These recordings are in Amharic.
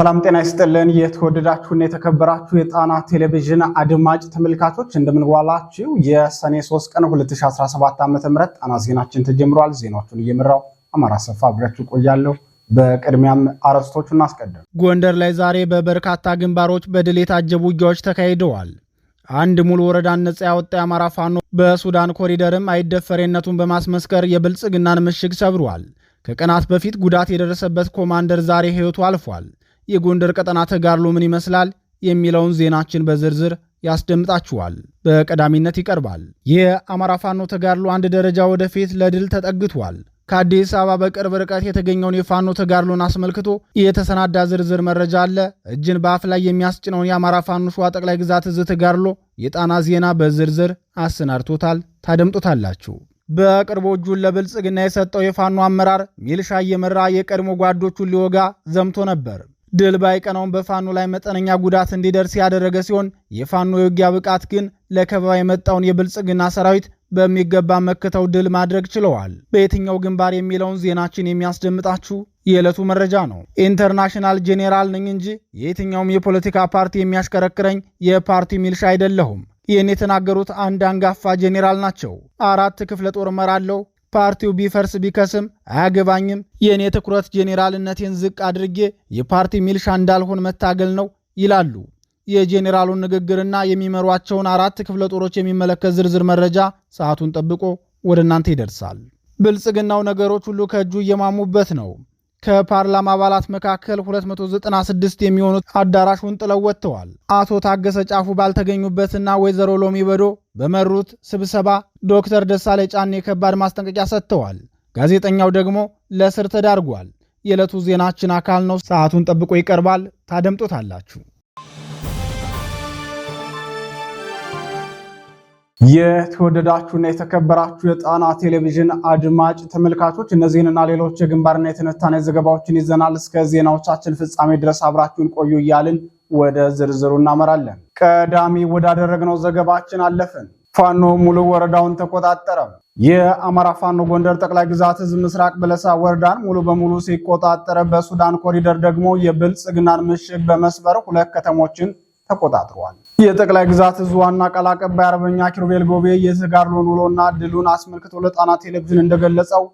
ሰላም ጤና ይስጥልን። የተወደዳችሁና የተከበራችሁ የጣና ቴሌቪዥን አድማጭ ተመልካቾች እንደምንዋላችሁ። የሰኔ 3 ቀን 2017 ዓ.ም ጣና ዜናችን ተጀምሯል። ዜናዎቹን እየመራው አማራ ሰፋ አብሬያችሁ ቆያለሁ። በቅድሚያም አርዕስቶቹን እናስቀድም። ጎንደር ላይ ዛሬ በበርካታ ግንባሮች በድል የታጀቡ ውጊያዎች ተካሂደዋል። አንድ ሙሉ ወረዳን ነጻ ያወጣ የአማራ ፋኖ በሱዳን ኮሪደርም አይደፈሬነቱን በማስመስከር የብልጽግናን ምሽግ ሰብሯል። ከቀናት በፊት ጉዳት የደረሰበት ኮማንደር ዛሬ ሕይወቱ አልፏል። የጎንደር ቀጠና ተጋድሎ ምን ይመስላል የሚለውን ዜናችን በዝርዝር ያስደምጣችኋል። በቀዳሚነት ይቀርባል። የአማራ ፋኖ ተጋድሎ አንድ ደረጃ ወደፊት ለድል ተጠግቷል። ከአዲስ አበባ በቅርብ ርቀት የተገኘውን የፋኖ ተጋድሎን አስመልክቶ የተሰናዳ ዝርዝር መረጃ አለ። እጅን በአፍ ላይ የሚያስጭነውን የአማራ ፋኖ ሸዋ ጠቅላይ ግዛት እዝ ተጋድሎ የጣና ዜና በዝርዝር አሰናድቶታል። ታደምጡታላችሁ። በቅርቡ እጁን ለብልጽግና የሰጠው የፋኖ አመራር ሚልሻ እየመራ የቀድሞ ጓዶቹን ሊወጋ ዘምቶ ነበር። ድል ባይቀናውም በፋኖ ላይ መጠነኛ ጉዳት እንዲደርስ ያደረገ ሲሆን የፋኖ የውጊያ ብቃት ግን ለከበባ የመጣውን የብልጽግና ሰራዊት በሚገባ መክተው ድል ማድረግ ችለዋል። በየትኛው ግንባር የሚለውን ዜናችን የሚያስደምጣችሁ የዕለቱ መረጃ ነው። ኢንተርናሽናል ጄኔራል ነኝ እንጂ የየትኛውም የፖለቲካ ፓርቲ የሚያሽከረክረኝ የፓርቲ ሚልሻ አይደለሁም። ይህን የተናገሩት አንድ አንጋፋ ጄኔራል ናቸው። አራት ክፍለ ጦር እመራለሁ፣ ፓርቲው ቢፈርስ ቢከስም አያገባኝም። የእኔ ትኩረት ጄኔራልነቴን ዝቅ አድርጌ የፓርቲ ሚልሻ እንዳልሆን መታገል ነው ይላሉ። የጄኔራሉን ንግግርና የሚመሯቸውን አራት ክፍለ ጦሮች የሚመለከት ዝርዝር መረጃ ሰዓቱን ጠብቆ ወደ እናንተ ይደርሳል። ብልጽግናው ነገሮች ሁሉ ከእጁ እየማሙበት ነው። ከፓርላማ አባላት መካከል 296 የሚሆኑት አዳራሹን ጥለው ወጥተዋል። አቶ ታገሰ ጫፉ ባልተገኙበትና ወይዘሮ ሎሚ በዶ በመሩት ስብሰባ ዶክተር ደሳለኝ ጫኔ ከባድ ማስጠንቀቂያ ሰጥተዋል። ጋዜጠኛው ደግሞ ለእስር ተዳርጓል። የዕለቱ ዜናችን አካል ነው። ሰዓቱን ጠብቆ ይቀርባል። ታደምጦታላችሁ። የተወደዳችሁና የተከበራችሁ የጣና ቴሌቪዥን አድማጭ ተመልካቾች እነዚህንና ሌሎች የግንባርና የትንታኔ ዘገባዎችን ይዘናል። እስከ ዜናዎቻችን ፍጻሜ ድረስ አብራችሁን ቆዩ እያልን ወደ ዝርዝሩ እናመራለን። ቀዳሚ ወዳደረግነው ዘገባችን አለፍን። ፋኖ ሙሉ ወረዳውን ተቆጣጠረ። የአማራ ፋኖ ጎንደር ጠቅላይ ግዛት ህዝብ ምስራቅ በለሳ ወረዳን ሙሉ በሙሉ ሲቆጣጠረ፣ በሱዳን ኮሪደር ደግሞ የብልጽግናን ምሽግ በመስበር ሁለት ከተሞችን ተቆጣጥሯል። የጠቅላይ ግዛት እዝ ዋና ቃል አቀባይ አርበኛ ኪሩቤል ጎቤ የተጋድሎውን ውሎና ድሉን አስመልክቶ ለጣና ቴሌቪዥን እንደገለጸው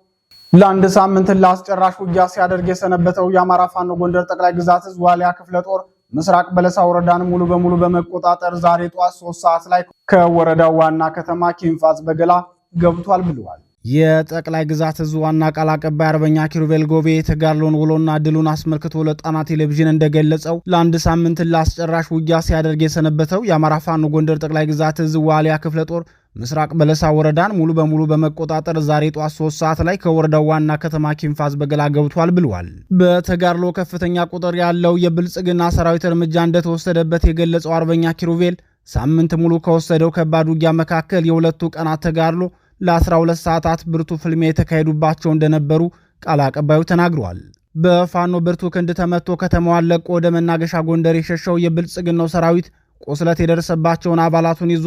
ለአንድ ሳምንት ለአስጨራሽ ውጊያ ሲያደርግ የሰነበተው የአማራ ፋኖ ጎንደር ጠቅላይ ግዛት እዝ ዋሊያ ክፍለ ጦር ምስራቅ በለሳ ወረዳን ሙሉ በሙሉ በመቆጣጠር ዛሬ ጠዋት ሶስት ሰዓት ላይ ከወረዳው ዋና ከተማ ኪንፋዝ በገላ ገብቷል ብለዋል። የጠቅላይ ግዛት እዝ ዋና ቃል አቀባይ አርበኛ ኪሩቤል ጎቤ የተጋድሎን ውሎና ድሉን አስመልክቶ ለጣና ቴሌቪዥን እንደገለጸው ለአንድ ሳምንት ለአስጨራሽ ውጊያ ሲያደርግ የሰነበተው የአማራ ፋኖ ጎንደር ጠቅላይ ግዛት እዝ ዋሊያ ክፍለ ጦር ምስራቅ በለሳ ወረዳን ሙሉ በሙሉ በመቆጣጠር ዛሬ ጠዋት ሶስት ሰዓት ላይ ከወረዳው ዋና ከተማ ኪንፋዝ በገላ ገብቷል ብሏል። በተጋድሎ ከፍተኛ ቁጥር ያለው የብልጽግና ሰራዊት እርምጃ እንደተወሰደበት የገለጸው አርበኛ ኪሩቤል ሳምንት ሙሉ ከወሰደው ከባድ ውጊያ መካከል የሁለቱ ቀናት ተጋድሎ ለ12 ሰዓታት ብርቱ ፍልሚያ የተካሄዱባቸው እንደነበሩ ቃል አቀባዩ ተናግረዋል። በፋኖ ብርቱ ክንድ ተመቶ ከተማዋን ለቆ ወደ መናገሻ ጎንደር የሸሸው የብልጽግናው ሰራዊት ቁስለት የደረሰባቸውን አባላቱን ይዞ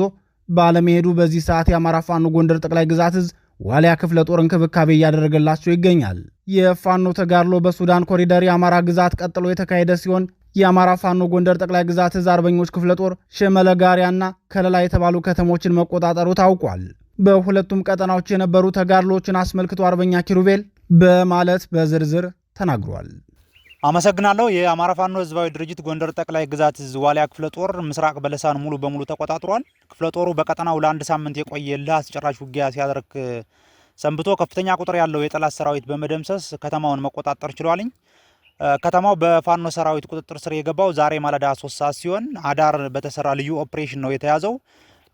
ባለመሄዱ በዚህ ሰዓት የአማራ ፋኖ ጎንደር ጠቅላይ ግዛት እዝ ዋሊያ ክፍለ ጦር እንክብካቤ እያደረገላቸው ይገኛል። የፋኖ ተጋድሎ በሱዳን ኮሪደር የአማራ ግዛት ቀጥሎ የተካሄደ ሲሆን የአማራ ፋኖ ጎንደር ጠቅላይ ግዛት እዝ አርበኞች ክፍለ ጦር ሸመለጋሪያና ከለላ የተባሉ ከተሞችን መቆጣጠሩ ታውቋል። በሁለቱም ቀጠናዎች የነበሩ ተጋድሎችን አስመልክቶ አርበኛ ኪሩቤል በማለት በዝርዝር ተናግሯል። አመሰግናለሁ። የአማራ ፋኖ ህዝባዊ ድርጅት ጎንደር ጠቅላይ ግዛት ዋሊያ ክፍለ ጦር ምስራቅ በለሳን ሙሉ በሙሉ ተቆጣጥሯል። ክፍለ ጦሩ በቀጠናው ለአንድ ሳምንት የቆየ ልህ አስጨራሽ ውጊያ ሲያደርግ ሰንብቶ ከፍተኛ ቁጥር ያለው የጠላት ሰራዊት በመደምሰስ ከተማውን መቆጣጠር ችሏልኝ። ከተማው በፋኖ ሰራዊት ቁጥጥር ስር የገባው ዛሬ ማለዳ ሶስት ሰዓት ሲሆን አዳር በተሰራ ልዩ ኦፕሬሽን ነው የተያዘው።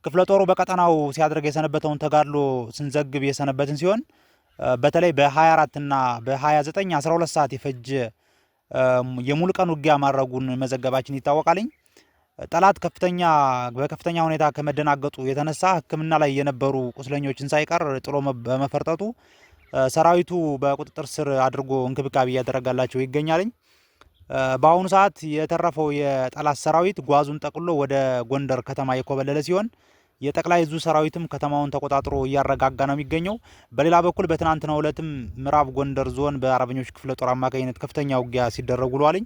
ክፍለ ጦሩ በቀጠናው ሲያደርግ የሰነበተውን ተጋድሎ ስንዘግብ የሰነበትን ሲሆን በተለይ በ24 ና በ29 12 ሰዓት የፈጀ የሙልቀን ውጊያ ማድረጉን መዘገባችን ይታወቃልኝ። ጠላት ከፍተኛ በከፍተኛ ሁኔታ ከመደናገጡ የተነሳ ሕክምና ላይ የነበሩ ቁስለኞችን ሳይቀር ጥሎ በመፈርጠጡ ሰራዊቱ በቁጥጥር ስር አድርጎ እንክብካቤ እያደረጋላቸው ይገኛልኝ። በአሁኑ ሰዓት የተረፈው የጠላት ሰራዊት ጓዙን ጠቅሎ ወደ ጎንደር ከተማ የኮበለለ ሲሆን የጠቅላይ እዙ ሰራዊትም ከተማውን ተቆጣጥሮ እያረጋጋ ነው የሚገኘው። በሌላ በኩል በትናንትናው ሁለትም ምዕራብ ጎንደር ዞን በአርበኞች ክፍለ ጦር አማካኝነት ከፍተኛ ውጊያ ሲደረጉ ውሏልኝ።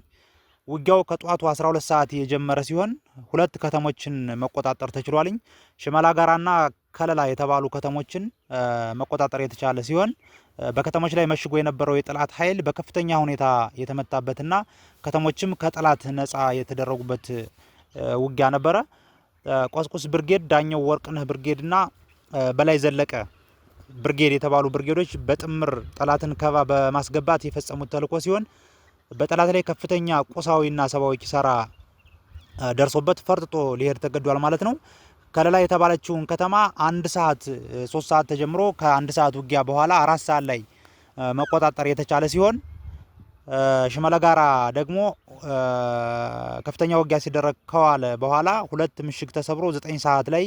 ውጊያው ከጠዋቱ 12 ሰዓት የጀመረ ሲሆን ሁለት ከተሞችን መቆጣጠር ተችሏልኝ። ሽመላ ጋራና ከለላ የተባሉ ከተሞችን መቆጣጠር የተቻለ ሲሆን በከተሞች ላይ መሽጎ የነበረው የጠላት ኃይል በከፍተኛ ሁኔታ የተመታበትና ከተሞችም ከጠላት ነፃ የተደረጉበት ውጊያ ነበረ። ቁስቁስ ብርጌድ፣ ዳኛው ወርቅነህ ብርጌድ በላይ ዘለቀ ብርጌድ የተባሉ ብርጌዶች በጥምር ጠላትን ከባ በማስገባት የፈጸሙት ተልእኮ ሲሆን በጠላት ላይ ከፍተኛ ቁሳዊና ሰብአዊ ኪሳራ ደርሶበት ፈርጥጦ ሊሄድ ተገዷል ማለት ነው። ከለላ የተባለችውን ከተማ አንድ ሰዓት ሶስት ሰዓት ተጀምሮ ከአንድ ሰዓት ውጊያ በኋላ አራት ሰዓት ላይ መቆጣጠር የተቻለ ሲሆን ሽመለጋራ ደግሞ ከፍተኛ ውጊያ ሲደረግ ከዋለ በኋላ ሁለት ምሽግ ተሰብሮ ዘጠኝ ሰዓት ላይ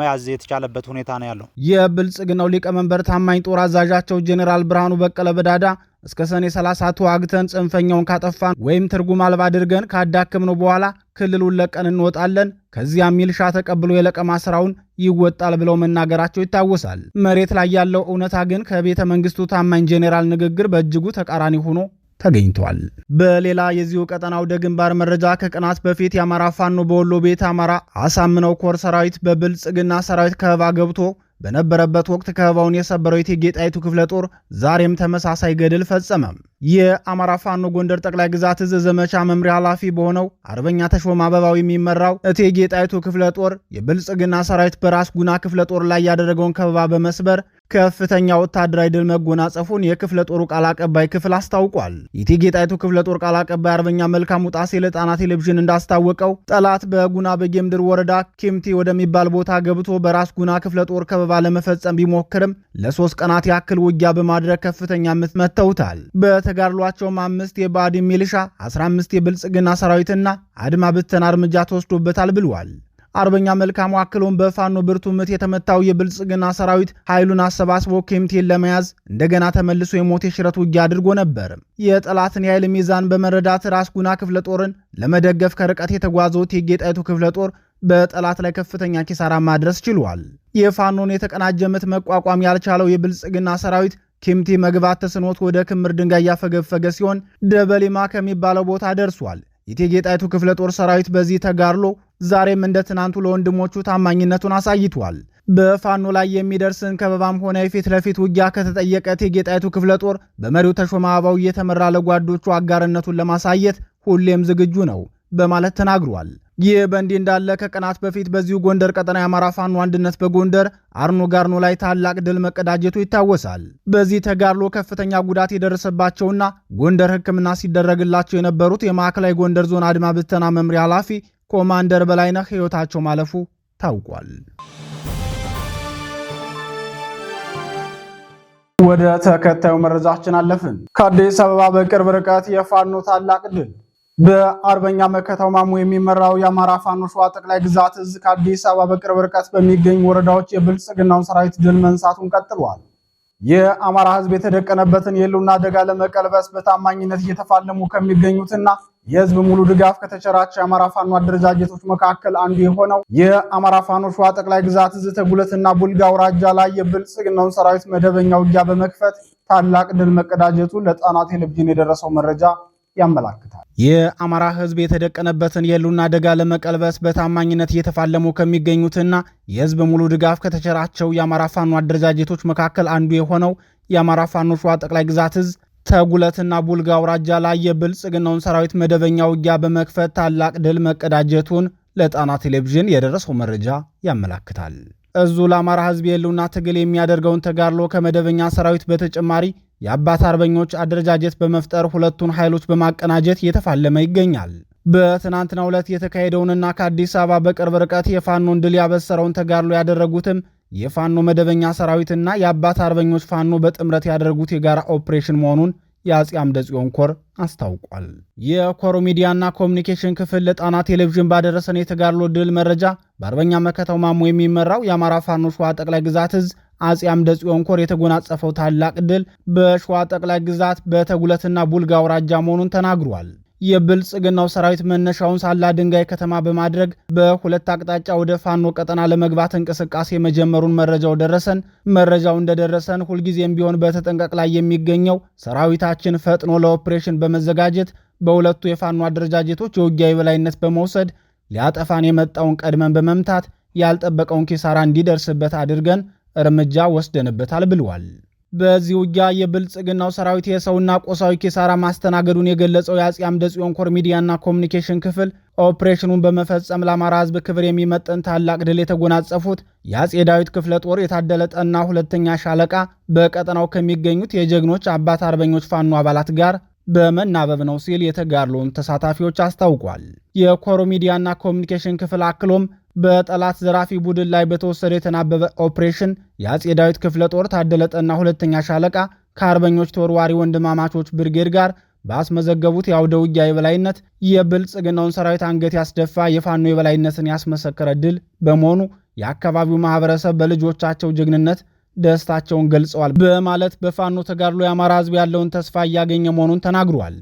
መያዝ የተቻለበት ሁኔታ ነው ያለው። የብልጽግናው ሊቀመንበር ታማኝ ጦር አዛዣቸው ጄኔራል ብርሃኑ በቀለ በዳዳ እስከ ሰኔ 30 ተዋግተን ጽንፈኛውን ካጠፋን ወይም ትርጉም አልባ አድርገን ካዳክምነው በኋላ ክልሉን ለቀን እንወጣለን፣ ከዚያም ሚልሻ ተቀብሎ የለቀማ ስራውን ይወጣል ብለው መናገራቸው ይታወሳል። መሬት ላይ ያለው እውነታ ግን ከቤተ መንግስቱ ታማኝ ጄኔራል ንግግር በእጅጉ ተቃራኒ ሆኖ ተገኝቷል። በሌላ የዚሁ ቀጠና ደግንባር ግንባር መረጃ ከቀናት በፊት የአማራ ፋኖ በወሎ ቤት አማራ አሳምነው ኮር ሰራዊት በብልጽግና ሰራዊት ከበባ ገብቶ በነበረበት ወቅት ከበባውን የሰበረው የእቴጌ ጣይቱ ክፍለ ጦር ዛሬም ተመሳሳይ ገድል ፈጸመ። የአማራ ፋኖ ጎንደር ጠቅላይ ግዛት እዝ ዘመቻ መምሪያ ኃላፊ በሆነው አርበኛ ተሾም አበባው የሚመራው እቴጌ ጣይቱ ክፍለ ጦር የብልጽግና ሰራዊት በራስ ጉና ክፍለ ጦር ላይ ያደረገውን ከበባ በመስበር ከፍተኛ ወታደራዊ ድል መጎናጸፉን የክፍለ ጦሩ ቃል አቀባይ ክፍል አስታውቋል። የእቴጌ ጣይቱ ክፍለ ጦር ቃል አቀባይ አርበኛ መልካሙ ጣሴ ለጣና ቴሌቪዥን እንዳስታወቀው ጠላት በጉና በጌምድር ወረዳ ኬምቲ ወደሚባል ቦታ ገብቶ በራስ ጉና ክፍለ ጦር ከበባ ለመፈጸም ቢሞክርም ለሶስት ቀናት ያክል ውጊያ በማድረግ ከፍተኛ ምት መተውታል። በተጋድሏቸውም አምስት የባዲ ሚሊሻ 15 የብልጽግና ሰራዊትና አድማ ብተና እርምጃ ተወስዶበታል ብሏል። አርበኛ መልካሙ አክሎም በፋኖ ብርቱ ምት የተመታው የብልጽግና ሰራዊት ኃይሉን አሰባስቦ ኬምቴን ለመያዝ እንደገና ተመልሶ የሞት የሽረት ውጊያ አድርጎ ነበር። የጠላትን የኃይል ሚዛን በመረዳት ራስ ጉና ክፍለ ጦርን ለመደገፍ ከርቀት የተጓዘው እቴጌ ጣይቱ ክፍለ ጦር በጠላት ላይ ከፍተኛ ኪሳራ ማድረስ ችሏል። የፋኖን የተቀናጀ ምት መቋቋም ያልቻለው የብልጽግና ሰራዊት ኬምቴ መግባት ተስኖት ወደ ክምር ድንጋይ ያፈገፈገ ሲሆን ደበሌማ ከሚባለው ቦታ ደርሷል። የእቴጌ ጣይቱ ክፍለ ጦር ሰራዊት በዚህ ተጋድሎ ዛሬም እንደ ትናንቱ ለወንድሞቹ ታማኝነቱን አሳይቷል። በፋኖ ላይ የሚደርስን ከበባም ሆነ የፊት ለፊት ውጊያ ከተጠየቀ እቴጌ ጣይቱ ክፍለ ጦር በመሪው ተሾመ አበባው እየተመራ ለጓዶቹ አጋርነቱን ለማሳየት ሁሌም ዝግጁ ነው በማለት ተናግሯል። ይህ በእንዲህ እንዳለ ከቀናት በፊት በዚሁ ጎንደር ቀጠና የአማራ ፋኖ አንድነት በጎንደር አርኖ ጋርኖ ላይ ታላቅ ድል መቀዳጀቱ ይታወሳል። በዚህ ተጋድሎ ከፍተኛ ጉዳት የደረሰባቸውና ጎንደር ሕክምና ሲደረግላቸው የነበሩት የማዕከላዊ ጎንደር ዞን አድማ ብተና መምሪያ ኃላፊ ኮማንደር በላይነህ ሕይወታቸው ማለፉ ታውቋል። ወደ ተከታዩ መረጃችን አለፍን። ከአዲስ አበባ በቅርብ ርቀት የፋኖ ታላቅ ድል በአርበኛ መከታው ማሙ የሚመራው የአማራ ፋኖ ሸዋ ጠቅላይ ግዛት እዝ ከአዲስ አበባ በቅርብ ርቀት በሚገኙ ወረዳዎች የብልጽግናውን ሰራዊት ድል መንሳቱን ቀጥሏል። የአማራ ህዝብ የተደቀነበትን የህልውና አደጋ ለመቀልበስ በታማኝነት እየተፋለሙ ከሚገኙትና የህዝብ ሙሉ ድጋፍ ከተቸራቸው የአማራ ፋኖ አደረጃጀቶች መካከል አንዱ የሆነው የአማራ ፋኖ ሸዋ ጠቅላይ ግዛት እዝ ተጉለትና ቡልጋ አውራጃ ላይ የብልጽግናውን ሰራዊት መደበኛ ውጊያ በመክፈት ታላቅ ድል መቀዳጀቱን ለጣና ቴሌቪዥን የደረሰው መረጃ ያመላክታል። የአማራ ህዝብ የተደቀነበትን የህልውና አደጋ ለመቀልበስ በታማኝነት እየተፋለሙ ከሚገኙትና የህዝብ ሙሉ ድጋፍ ከተቸራቸው የአማራ ፋኖ አደረጃጀቶች መካከል አንዱ የሆነው የአማራ ፋኖ ሸዋ ጠቅላይ ግዛት እዝ ተጉለትና ቡልጋ አውራጃ ላይ የብልጽግናውን ሰራዊት መደበኛ ውጊያ በመክፈት ታላቅ ድል መቀዳጀቱን ለጣና ቴሌቪዥን የደረሰው መረጃ ያመላክታል። እዙ ለአማራ ሕዝብ የህልውና ትግል የሚያደርገውን ተጋድሎ ከመደበኛ ሰራዊት በተጨማሪ የአባት አርበኞች አደረጃጀት በመፍጠር ሁለቱን ኃይሎች በማቀናጀት እየተፋለመ ይገኛል። በትናንትና ዕለት የተካሄደውንና ከአዲስ አበባ በቅርብ ርቀት የፋኖን ድል ያበሰረውን ተጋድሎ ያደረጉትም የፋኖ መደበኛ ሰራዊትና የአባት አርበኞች ፋኖ በጥምረት ያደረጉት የጋራ ኦፕሬሽን መሆኑን የአጼ አምደ ጽዮን ኮር አስታውቋል። የኮሩ ሚዲያና ኮሚኒኬሽን ክፍል ለጣና ቴሌቪዥን ባደረሰን የተጋድሎ ድል መረጃ በአርበኛ መከተው ማሞ የሚመራው የአማራ ፋኖ ሸዋ ጠቅላይ ግዛት እዝ አጼ አምደ ጽዮን ኮር የተጎናጸፈው ታላቅ ድል በሸዋ ጠቅላይ ግዛት በተጉለትና ቡልጋ አውራጃ መሆኑን ተናግሯል። የብልጽግናው ሰራዊት መነሻውን ሳላ ድንጋይ ከተማ በማድረግ በሁለት አቅጣጫ ወደ ፋኖ ቀጠና ለመግባት እንቅስቃሴ መጀመሩን መረጃው ደረሰን። መረጃው እንደደረሰን ሁልጊዜም ቢሆን በተጠንቀቅ ላይ የሚገኘው ሰራዊታችን ፈጥኖ ለኦፕሬሽን በመዘጋጀት በሁለቱ የፋኖ አደረጃጀቶች የውጊያ የበላይነት በመውሰድ ሊያጠፋን የመጣውን ቀድመን በመምታት ያልጠበቀውን ኪሳራ እንዲደርስበት አድርገን እርምጃ ወስደንበታል ብለዋል። በዚህ ውጊያ የብልጽግናው ሰራዊት የሰውና ቆሳዊ ኪሳራ ማስተናገዱን የገለጸው የአጼ አምደ ጽዮን ኮር ሚዲያና ኮሚኒኬሽን ክፍል ኦፕሬሽኑን በመፈጸም ለአማራ ህዝብ ክብር የሚመጥን ታላቅ ድል የተጎናጸፉት የአጼ ዳዊት ክፍለ ጦር የታደለ ጠና ሁለተኛ ሻለቃ በቀጠናው ከሚገኙት የጀግኖች አባት አርበኞች ፋኖ አባላት ጋር በመናበብ ነው ሲል የተጋድሎውን ተሳታፊዎች አስታውቋል። የኮሮ ሚዲያና ኮሚኒኬሽን ክፍል አክሎም በጠላት ዘራፊ ቡድን ላይ በተወሰደ የተናበበ ኦፕሬሽን የአጼ ዳዊት ክፍለ ጦር ታደለጠና ሁለተኛ ሻለቃ ከአርበኞች ተወርዋሪ ወንድማማቾች ብርጌድ ጋር ባስመዘገቡት የአውደ ውጊያ የበላይነት የብልጽግናውን ሰራዊት አንገት ያስደፋ የፋኖ የበላይነትን ያስመሰከረ ድል በመሆኑ የአካባቢው ማህበረሰብ በልጆቻቸው ጀግንነት ደስታቸውን ገልጸዋል በማለት በፋኖ ተጋድሎ የአማራ ህዝብ ያለውን ተስፋ እያገኘ መሆኑን ተናግሯል።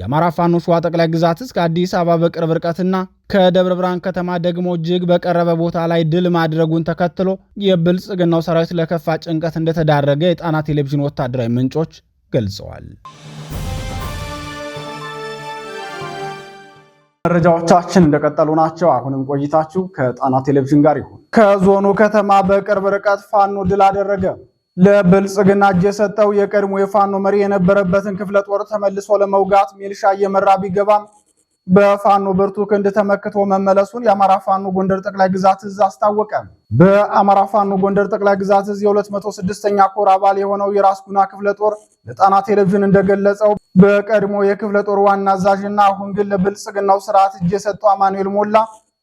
የአማራ ፋኖ ሸዋ ጠቅላይ ግዛት እስከ አዲስ አበባ በቅርብ ርቀትና ከደብረ ብርሃን ከተማ ደግሞ እጅግ በቀረበ ቦታ ላይ ድል ማድረጉን ተከትሎ የብልጽግናው ሰራዊት ለከፋ ጭንቀት እንደተዳረገ የጣና ቴሌቪዥን ወታደራዊ ምንጮች ገልጸዋል። መረጃዎቻችን እንደቀጠሉ ናቸው። አሁንም ቆይታችሁ ከጣና ቴሌቪዥን ጋር ይሁን። ከዞኑ ከተማ በቅርብ ርቀት ፋኖ ድል አደረገ። ለብልጽግና እጅ የሰጠው የቀድሞ የፋኖ መሪ የነበረበትን ክፍለ ጦር ተመልሶ ለመውጋት ሚልሻ እየመራ ቢገባም በፋኖ ብርቱ ክንድ ተመክቶ መመለሱን የአማራ ፋኖ ጎንደር ጠቅላይ ግዛት እዝ አስታወቀ። በአማራ ፋኖ ጎንደር ጠቅላይ ግዛት እዝ የ206ኛ ኮር አባል የሆነው የራስ ጉና ክፍለ ጦር ለጣና ቴሌቪዥን እንደገለጸው በቀድሞ የክፍለ ጦር ዋና አዛዥና አሁን ግን ለብልጽግናው ስርዓት እጅ የሰጠው አማኑኤል ሞላ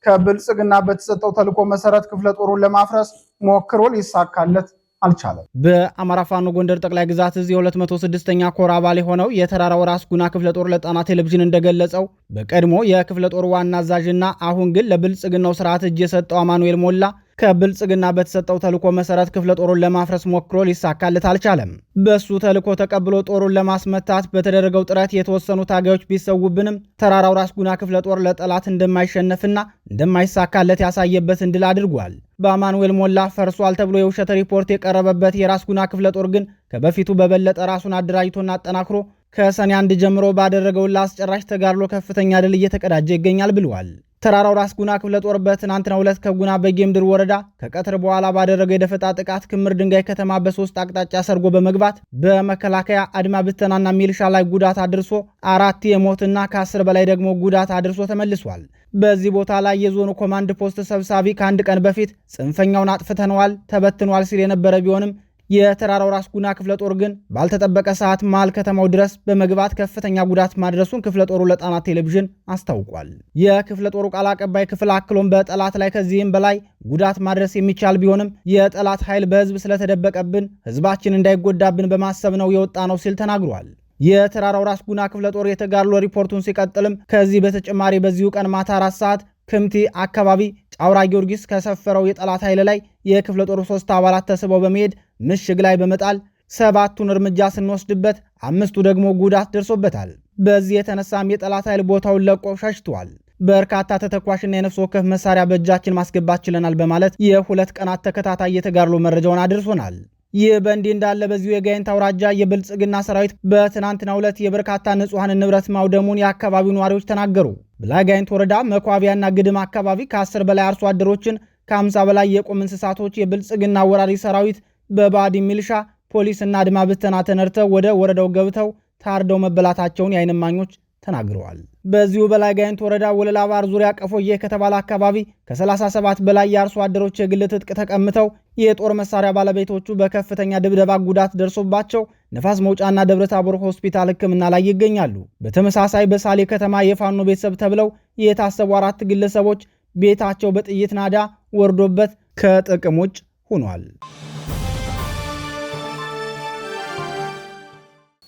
ከብልጽግና በተሰጠው ተልዕኮ መሰረት ክፍለ ጦሩን ለማፍረስ ሞክሮ ሊሳካለት አልቻለም። በአማራ ፋኖ ጎንደር ጠቅላይ ግዛት እዝ 206 ኛ ኮር አባል የሆነው የተራራው ራስ ጉና ክፍለ ጦር ለጣና ቴሌቪዥን እንደገለጸው በቀድሞ የክፍለ ጦር ዋና አዛዥና አሁን ግን ለብልጽግናው ስርዓት እጅ የሰጠው አማኑኤል ሞላ ከብልጽግና በተሰጠው ተልኮ መሰረት ክፍለ ጦሩን ለማፍረስ ሞክሮ ሊሳካለት አልቻለም። በሱ ተልኮ ተቀብሎ ጦሩን ለማስመታት በተደረገው ጥረት የተወሰኑ ታጋዮች ቢሰውብንም ተራራው ራስ ጉና ክፍለ ጦር ለጠላት እንደማይሸነፍና እንደማይሳካለት ያሳየበትን ድል አድርጓል። በአማኑኤል ሞላ ፈርሷል ተብሎ የውሸት ሪፖርት የቀረበበት የራስ ጉና ክፍለ ጦር ግን ከበፊቱ በበለጠ ራሱን አደራጅቶና አጠናክሮ ከሰኔ አንድ ጀምሮ ባደረገው ለአስጨራሽ ተጋድሎ ከፍተኛ ድል እየተቀዳጀ ይገኛል ብለዋል። ተራራው ራስ ጉና ክፍለ ጦር በትናንትና ሁለት ከጉና በጌምድር ወረዳ ከቀትር በኋላ ባደረገው የደፈጣ ጥቃት ክምር ድንጋይ ከተማ በሶስት አቅጣጫ ሰርጎ በመግባት በመከላከያ አድማ ብተናና ሚልሻ ላይ ጉዳት አድርሶ አራት የሞትና ከአስር በላይ ደግሞ ጉዳት አድርሶ ተመልሷል። በዚህ ቦታ ላይ የዞኑ ኮማንድ ፖስት ሰብሳቢ ከአንድ ቀን በፊት ጽንፈኛውን አጥፍተነዋል፣ ተበትኗል ሲል የነበረ ቢሆንም የተራራው ራስ ጉና ክፍለ ጦር ግን ባልተጠበቀ ሰዓት መሃል ከተማው ድረስ በመግባት ከፍተኛ ጉዳት ማድረሱን ክፍለ ጦሩ ለጣና ቴሌቪዥን አስታውቋል። የክፍለ ጦሩ ቃል አቀባይ ክፍል አክሎም በጠላት ላይ ከዚህም በላይ ጉዳት ማድረስ የሚቻል ቢሆንም የጠላት ኃይል በህዝብ ስለተደበቀብን ህዝባችን እንዳይጎዳብን በማሰብ ነው የወጣ ነው ሲል ተናግሯል። የተራራው ራስ ጉና ክፍለ ጦር የተጋድሎ ሪፖርቱን ሲቀጥልም ከዚህ በተጨማሪ በዚሁ ቀን ማታ አራት ሰዓት ክምቲ አካባቢ ጫውራ ጊዮርጊስ ከሰፈረው የጠላት ኃይል ላይ የክፍለ ጦሩ ሶስት አባላት ተስበው በመሄድ ምሽግ ላይ በመጣል ሰባቱን እርምጃ ስንወስድበት አምስቱ ደግሞ ጉዳት ደርሶበታል። በዚህ የተነሳም የጠላት ኃይል ቦታውን ለቆ ሸሽተዋል። በርካታ ተተኳሽና የነፍስ ወከፍ መሳሪያ በእጃችን ማስገባት ችለናል በማለት የሁለት ቀናት ተከታታይ የተጋድሎ መረጃውን አድርሶናል። ይህ በእንዲህ እንዳለ በዚሁ የጋይንት አውራጃ የብልጽግና ሰራዊት በትናንትናው ዕለት የበርካታ ንጹሐን ንብረት ማውደሙን የአካባቢው ነዋሪዎች ተናገሩ። በላጋይንት ወረዳ መኳቢያና ግድም አካባቢ ከ10 በላይ አርሶ አደሮችን ከ50 በላይ የቁም እንስሳቶች የብልጽግና ወራሪ ሰራዊት በባዲ ሚልሻ ፖሊስና አድማ ብተና ተነድተው ወደ ወረዳው ገብተው ታርደው መበላታቸውን የአይን እማኞች ተናግረዋል። በዚሁ በላይ ጋይንት ወለላ ባር ዙሪያ ቀፎዬ ከተባለ አካባቢ ከ37 በላይ የአርሶ አደሮች የግል ትጥቅ ተቀምተው የጦር መሳሪያ ባለቤቶቹ በከፍተኛ ድብደባ ጉዳት ደርሶባቸው ነፋስ መውጫና ደብረ ታቦር ሆስፒታል ሕክምና ላይ ይገኛሉ። በተመሳሳይ በሳሌ ከተማ የፋኖ ቤተሰብ ተብለው የታሰቡ አራት ግለሰቦች ቤታቸው በጥይት ናዳ ወርዶበት ከጥቅም ውጭ ሆኗል።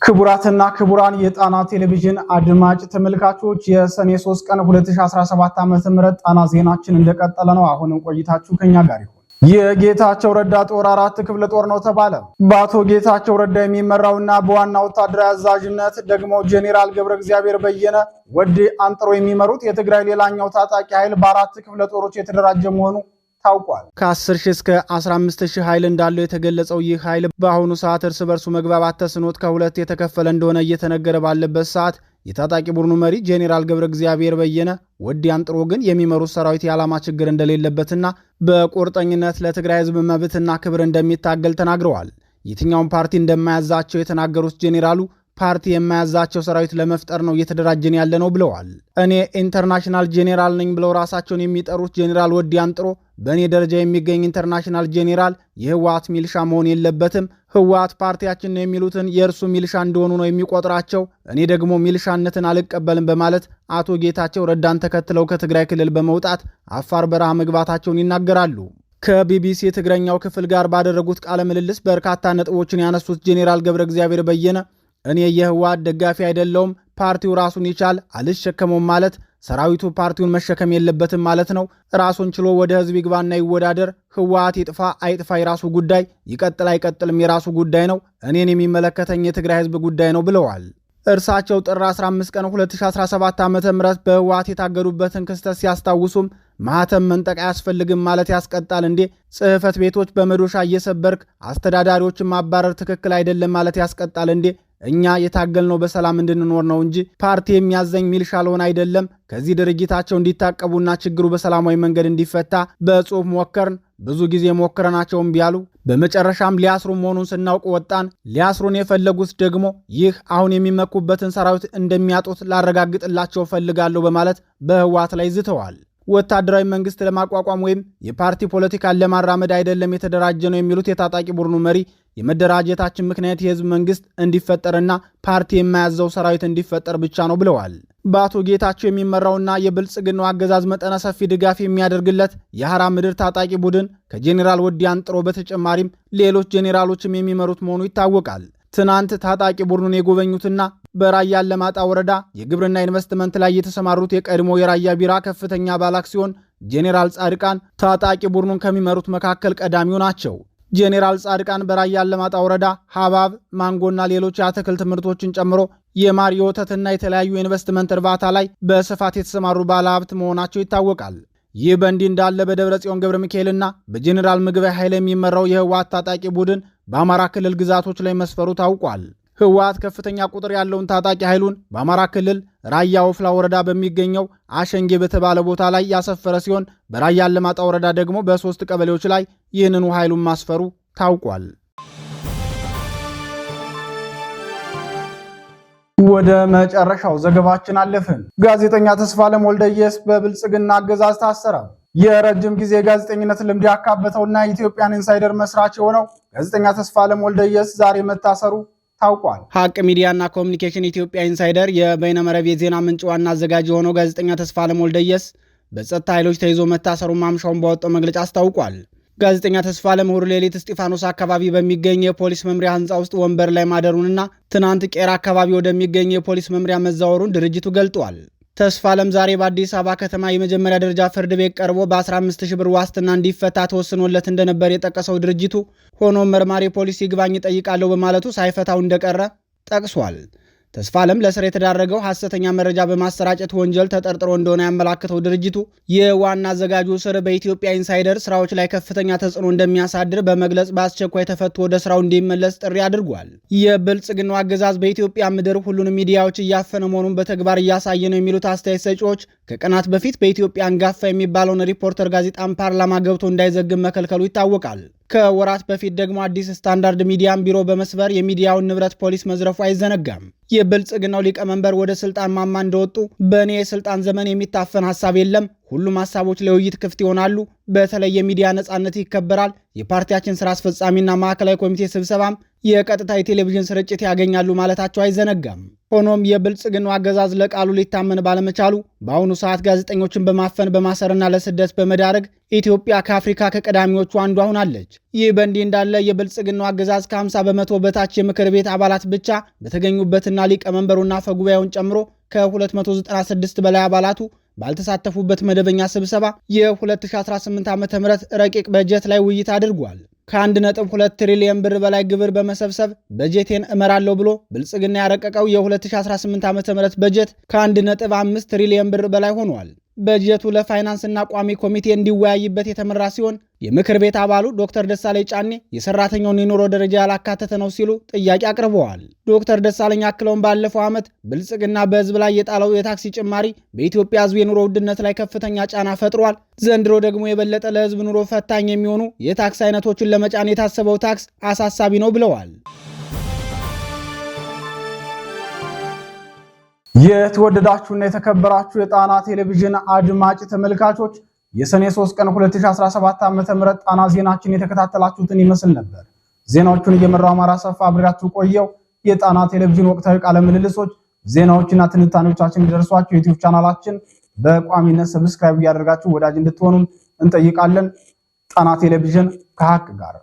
ክቡራትና ክቡራን የጣና ቴሌቪዥን አድማጭ ተመልካቾች የሰኔ 3 ቀን 2017 ዓ.ም ጣና ዜናችን እንደቀጠለ ነው። አሁንም ቆይታችሁ ከኛ ጋር ይሁን። የጌታቸው ረዳ ጦር አራት ክፍለ ጦር ነው ተባለ። በአቶ ጌታቸው ረዳ የሚመራውና በዋና ወታደራዊ አዛዥነት ደግሞ ጄኔራል ገብረ እግዚአብሔር በየነ ወዴ አንጥሮ የሚመሩት የትግራይ ሌላኛው ታጣቂ ኃይል በአራት ክፍለ ጦሮች የተደራጀ መሆኑ ታውቋል። ከ10 ሺ እስከ 15 ሺ ኃይል እንዳለው የተገለጸው ይህ ኃይል በአሁኑ ሰዓት እርስ በርሱ መግባባት ተስኖት ከሁለት የተከፈለ እንደሆነ እየተነገረ ባለበት ሰዓት የታጣቂ ቡድኑ መሪ ጄኔራል ገብረ እግዚአብሔር በየነ ወዲያን ጥሮ ግን የሚመሩት ሰራዊት የዓላማ ችግር እንደሌለበትና በቁርጠኝነት ለትግራይ ሕዝብ መብትና ክብር እንደሚታገል ተናግረዋል። የትኛውን ፓርቲ እንደማያዛቸው የተናገሩት ጄኔራሉ ፓርቲ የማያዛቸው ሰራዊት ለመፍጠር ነው እየተደራጀን ያለ ነው ብለዋል። እኔ ኢንተርናሽናል ጄኔራል ነኝ ብለው ራሳቸውን የሚጠሩት ጄኔራል ወዲያን ጥሮ በእኔ ደረጃ የሚገኝ ኢንተርናሽናል ጄኔራል የህወሓት ሚልሻ መሆን የለበትም። ህወሓት ፓርቲያችን ነው የሚሉትን የእርሱ ሚልሻ እንደሆኑ ነው የሚቆጥራቸው። እኔ ደግሞ ሚልሻነትን አልቀበልም በማለት አቶ ጌታቸው ረዳን ተከትለው ከትግራይ ክልል በመውጣት አፋር በረሃ መግባታቸውን ይናገራሉ። ከቢቢሲ የትግረኛው ክፍል ጋር ባደረጉት ቃለ ምልልስ በርካታ ነጥቦችን ያነሱት ጄኔራል ገብረ እግዚአብሔር በየነ እኔ የህወሓት ደጋፊ አይደለውም፣ ፓርቲው ራሱን ይቻል አልሸከመውም ማለት ሰራዊቱ ፓርቲውን መሸከም የለበትም ማለት ነው። ራሱን ችሎ ወደ ህዝብ ይግባና ይወዳደር። ህወሀት ይጥፋ አይጥፋ የራሱ ጉዳይ፣ ይቀጥል አይቀጥልም የራሱ ጉዳይ ነው። እኔን የሚመለከተኝ የትግራይ ህዝብ ጉዳይ ነው ብለዋል። እርሳቸው ጥር 15 ቀን 2017 ዓ ም በህወሀት የታገዱበትን ክስተት ሲያስታውሱም ማህተም መንጠቅ አያስፈልግም ማለት ያስቀጣል እንዴ? ጽህፈት ቤቶች በመዶሻ እየሰበርክ አስተዳዳሪዎችን ማባረር ትክክል አይደለም ማለት ያስቀጣል እንዴ? እኛ የታገልነው በሰላም እንድንኖር ነው እንጂ ፓርቲ የሚያዘኝ ሚልሻ ልሆን አይደለም። ከዚህ ድርጊታቸው እንዲታቀቡና ችግሩ በሰላማዊ መንገድ እንዲፈታ በጽሁፍ ሞከርን። ብዙ ጊዜ ሞክረናቸውም ቢያሉ በመጨረሻም ሊያስሩ መሆኑን ስናውቅ ወጣን። ሊያስሩን የፈለጉት ደግሞ ይህ አሁን የሚመኩበትን ሰራዊት እንደሚያጡት ላረጋግጥላቸው ፈልጋለሁ በማለት በህወሓት ላይ ዝተዋል። ወታደራዊ መንግስት ለማቋቋም ወይም የፓርቲ ፖለቲካን ለማራመድ አይደለም የተደራጀ ነው የሚሉት የታጣቂ ቡድኑ መሪ የመደራጀታችን ምክንያት የህዝብ መንግስት እንዲፈጠርና ፓርቲ የማያዘው ሰራዊት እንዲፈጠር ብቻ ነው ብለዋል። በአቶ ጌታቸው የሚመራውና የብልጽግናው አገዛዝ መጠነ ሰፊ ድጋፍ የሚያደርግለት የሐራ ምድር ታጣቂ ቡድን ከጄኔራል ወዲ አንጥሮ በተጨማሪም ሌሎች ጄኔራሎችም የሚመሩት መሆኑ ይታወቃል። ትናንት ታጣቂ ቡድኑን የጎበኙትና በራያ አላማጣ ወረዳ የግብርና ኢንቨስትመንት ላይ የተሰማሩት የቀድሞ የራያ ቢራ ከፍተኛ ባለ ሲሆን ጄኔራል ጻድቃን ታጣቂ ቡድኑን ከሚመሩት መካከል ቀዳሚው ናቸው። ጄኔራል ጻድቃን በራያ አላማጣ ወረዳ ሀባብ፣ ማንጎና ሌሎች የአትክልት ምርቶችን ጨምሮ የማር የወተትና የተለያዩ የኢንቨስትመንት እርባታ ላይ በስፋት የተሰማሩ ባለሀብት መሆናቸው ይታወቃል። ይህ በእንዲህ እንዳለ በደብረ ጽዮን ገብረ ሚካኤልና በጄኔራል ምግበይ ኃይል የሚመራው የህወሓት ታጣቂ ቡድን በአማራ ክልል ግዛቶች ላይ መስፈሩ ታውቋል። ህወሓት ከፍተኛ ቁጥር ያለውን ታጣቂ ኃይሉን በአማራ ክልል ራያ ወፍላ ወረዳ በሚገኘው አሸንጌ በተባለ ቦታ ላይ ያሰፈረ ሲሆን በራያ አለማጣ ወረዳ ደግሞ በሶስት ቀበሌዎች ላይ ይህንኑ ኃይሉን ማስፈሩ ታውቋል። ወደ መጨረሻው ዘገባችን አለፍን። ጋዜጠኛ ተስፋለም ወልደየስ በብልጽግና አገዛዝ ታሰረ። የረጅም ጊዜ ጋዜጠኝነት ልምድ ያካበተውና ኢትዮጵያን ኢንሳይደር መስራች የሆነው ጋዜጠኛ ተስፋለም ወልደየስ ዛሬ መታሰሩ ታውቋል። ሀቅ ሚዲያና ኮሚኒኬሽን ኢትዮጵያ ኢንሳይደር የበይነመረብ የዜና ምንጭ ዋና አዘጋጅ የሆነው ጋዜጠኛ ተስፋለም ወልደየስ በጸጥታ ኃይሎች ተይዞ መታሰሩን ማምሻውን ባወጣው መግለጫ አስታውቋል። ጋዜጠኛ ተስፋለም እሁድ ሌሊት እስጢፋኖስ አካባቢ በሚገኝ የፖሊስ መምሪያ ህንፃ ውስጥ ወንበር ላይ ማደሩንና ትናንት ቄራ አካባቢ ወደሚገኝ የፖሊስ መምሪያ መዛወሩን ድርጅቱ ገልጧል። ተስፋ አለም ዛሬ በአዲስ አበባ ከተማ የመጀመሪያ ደረጃ ፍርድ ቤት ቀርቦ በ15 ሺህ ብር ዋስትና እንዲፈታ ተወስኖለት እንደነበር የጠቀሰው ድርጅቱ ሆኖም መርማሪ ፖሊስ ይግባኝ ጠይቃለሁ በማለቱ ሳይፈታው እንደቀረ ጠቅሷል። ተስፋ ዓለም ለስር የተዳረገው ሐሰተኛ መረጃ በማሰራጨት ወንጀል ተጠርጥሮ እንደሆነ ያመላክተው ድርጅቱ የዋና አዘጋጁ ስር በኢትዮጵያ ኢንሳይደር ስራዎች ላይ ከፍተኛ ተጽዕኖ እንደሚያሳድር በመግለጽ በአስቸኳይ ተፈቶ ወደ ስራው እንዲመለስ ጥሪ አድርጓል። የብልጽግናው አገዛዝ በኢትዮጵያ ምድር ሁሉንም ሚዲያዎች እያፈነ መሆኑን በተግባር እያሳየ ነው የሚሉት አስተያየት ሰጪዎች ከቀናት በፊት በኢትዮጵያ አንጋፋ የሚባለውን ሪፖርተር ጋዜጣን ፓርላማ ገብቶ እንዳይዘግብ መከልከሉ ይታወቃል። ከወራት በፊት ደግሞ አዲስ ስታንዳርድ ሚዲያን ቢሮ በመስበር የሚዲያውን ንብረት ፖሊስ መዝረፉ አይዘነጋም። የብልጽግናው ሊቀመንበር ወደ ስልጣን ማማ እንደወጡ በእኔ የስልጣን ዘመን የሚታፈን ሀሳብ የለም ሁሉም ሀሳቦች ለውይይት ክፍት ይሆናሉ። በተለይ የሚዲያ ነጻነት ይከበራል። የፓርቲያችን ስራ አስፈጻሚና ማዕከላዊ ኮሚቴ ስብሰባም የቀጥታ የቴሌቪዥን ስርጭት ያገኛሉ ማለታቸው አይዘነጋም። ሆኖም የብልጽግናው አገዛዝ ለቃሉ ሊታመን ባለመቻሉ በአሁኑ ሰዓት ጋዜጠኞችን በማፈን በማሰርና ለስደት በመዳረግ ኢትዮጵያ ከአፍሪካ ከቀዳሚዎቹ አንዷ ሆናለች። ይህ በእንዲህ እንዳለ የብልጽግናው አገዛዝ ከ50 በመቶ በታች የምክር ቤት አባላት ብቻ በተገኙበትና ሊቀመንበሩና አፈጉባኤውን ጨምሮ ከ296 በላይ አባላቱ ባልተሳተፉበት መደበኛ ስብሰባ የ2018 ዓ ም ረቂቅ በጀት ላይ ውይይት አድርጓል። ከ1.2 ትሪሊየን ብር በላይ ግብር በመሰብሰብ በጀቴን እመራለሁ ብሎ ብልጽግና ያረቀቀው የ2018 ዓ ም በጀት ከ1.5 ትሪሊየን ብር በላይ ሆኗል። በጀቱ ለፋይናንስና ቋሚ ኮሚቴ እንዲወያይበት የተመራ ሲሆን የምክር ቤት አባሉ ዶክተር ደሳለኝ ጫኔ የሰራተኛውን የኑሮ ደረጃ ያላካተተ ነው ሲሉ ጥያቄ አቅርበዋል። ዶክተር ደሳለኝ አክለውን ባለፈው ዓመት ብልጽግና በሕዝብ ላይ የጣለው የታክሲ ጭማሪ በኢትዮጵያ ሕዝብ የኑሮ ውድነት ላይ ከፍተኛ ጫና ፈጥሯል። ዘንድሮ ደግሞ የበለጠ ለህዝብ ኑሮ ፈታኝ የሚሆኑ የታክስ አይነቶችን ለመጫን የታሰበው ታክስ አሳሳቢ ነው ብለዋል። የተወደዳችሁና የተከበራችሁ የጣና ቴሌቪዥን አድማጭ ተመልካቾች የሰኔ 3 ቀን 2017 ዓ.ም ጣና ዜናችን የተከታተላችሁትን ይመስል ነበር። ዜናዎቹን እየመራው አማራ ሰፋ አብሬያችሁ ቆየው። የጣና ቴሌቪዥን ወቅታዊ ቃለ ምልልሶች፣ ዜናዎችና ትንታኔዎቻችን እንዲደርሷችሁ የዩቲዩብ ቻናላችን በቋሚነት ሰብስክራይብ እያደረጋችሁ ወዳጅ እንድትሆኑን እንጠይቃለን። ጣና ቴሌቪዥን ከሀቅ ጋር